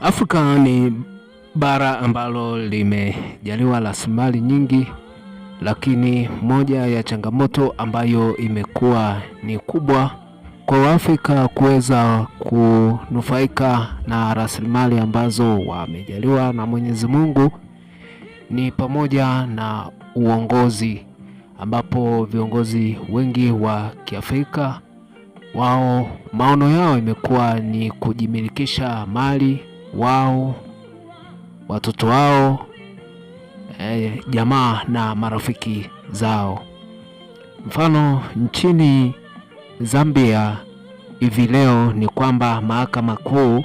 Afrika ni bara ambalo limejaliwa rasilimali nyingi, lakini moja ya changamoto ambayo imekuwa ni kubwa kwa Waafrika kuweza kunufaika na rasilimali ambazo wamejaliwa na Mwenyezi Mungu ni pamoja na uongozi, ambapo viongozi wengi wa Kiafrika wao maono yao imekuwa ni kujimilikisha mali wao, watoto wao, e, jamaa na marafiki zao. Mfano nchini Zambia hivi leo ni kwamba mahakama kuu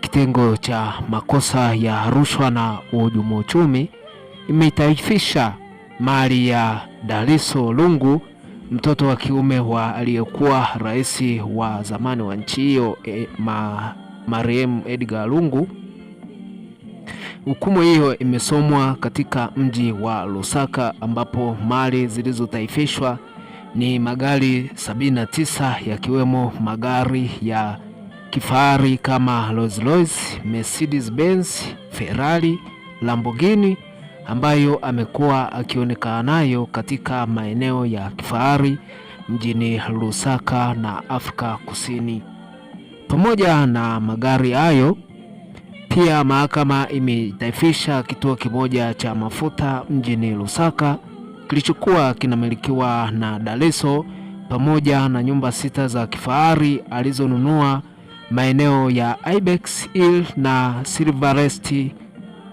kitengo cha makosa ya rushwa na uhujumu uchumi imetaifisha mali ya Daliso Lungu, mtoto wa kiume wa aliyekuwa rais wa zamani wa nchi hiyo e, marehemu Edgar Lungu. Hukumu hiyo imesomwa katika mji wa Lusaka ambapo mali zilizotaifishwa ni magari 79 yakiwemo magari ya kifahari kama Rolls Royce, Mercedes Benz, Ferrari, Lamborghini ambayo amekuwa akionekana nayo katika maeneo ya kifahari mjini Lusaka na Afrika Kusini. Pamoja na magari hayo, pia mahakama imetaifisha kituo kimoja cha mafuta mjini Lusaka kilichokuwa kinamilikiwa na Daleso pamoja na nyumba sita za kifahari alizonunua maeneo ya Ibex Hill na Silverest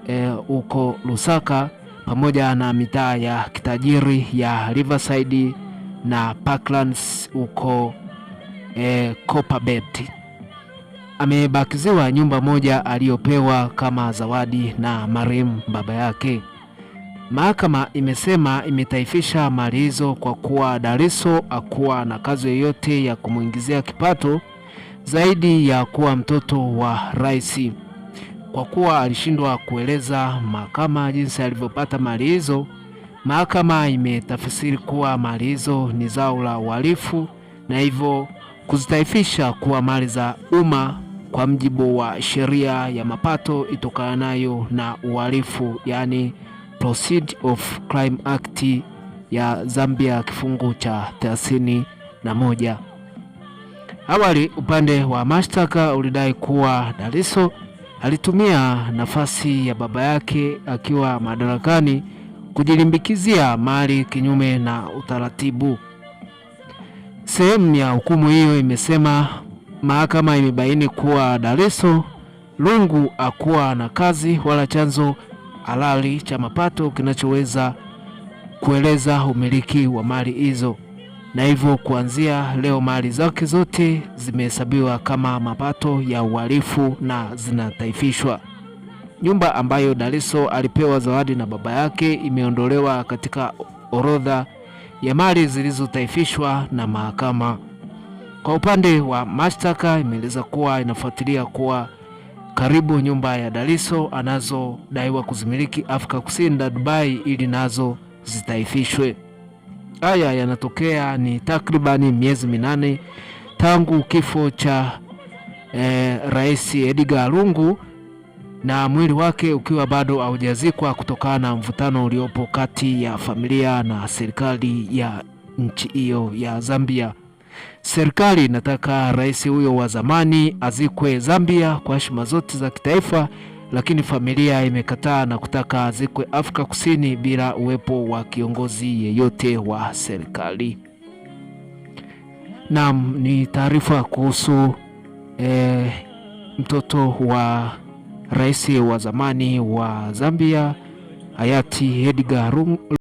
eh, huko e, Lusaka pamoja na mitaa ya kitajiri ya Riverside na Parklands huko e, eh, Copperbelt amebakiziwa nyumba moja aliyopewa kama zawadi na marehemu baba yake. Mahakama imesema imetaifisha mali hizo kwa kuwa Dariso hakuwa na kazi yoyote ya kumwingizia kipato zaidi ya kuwa mtoto wa rais. Kwa kuwa alishindwa kueleza mahakama jinsi alivyopata mali hizo, mahakama imetafsiri kuwa mali hizo ni zao la uhalifu na hivyo kuzitaifisha kuwa mali za umma kwa mjibu wa sheria ya mapato itokanayo na uhalifu, yani Proceed of Crime Act ya Zambia kifungu cha 31 na moja. Awali upande wa mashtaka ulidai kuwa Daliso alitumia nafasi ya baba yake akiwa madarakani kujilimbikizia mali kinyume na utaratibu. Sehemu ya hukumu hiyo imesema Mahakama imebaini kuwa Daleso Lungu hakuwa na kazi wala chanzo halali cha mapato kinachoweza kueleza umiliki wa mali hizo, na hivyo kuanzia leo mali zake zote zimehesabiwa kama mapato ya uhalifu na zinataifishwa. Nyumba ambayo Daleso alipewa zawadi na baba yake imeondolewa katika orodha ya mali zilizotaifishwa na mahakama. Kwa upande wa mashtaka, imeeleza kuwa inafuatilia kuwa karibu nyumba ya Daliso anazodaiwa kuzimiliki Afrika Kusini na Dubai ili nazo zitaifishwe. Haya yanatokea ni takribani miezi minane tangu kifo cha eh, Rais Edgar Lungu na mwili wake ukiwa bado haujazikwa kutokana na mvutano uliopo kati ya familia na serikali ya nchi hiyo ya Zambia. Serikali inataka rais huyo wa zamani azikwe Zambia kwa heshima zote za kitaifa, lakini familia imekataa na kutaka azikwe Afrika Kusini bila uwepo wa kiongozi yeyote wa serikali. Naam, ni taarifa kuhusu e, mtoto wa rais wa zamani wa Zambia hayati Edgar Lungu.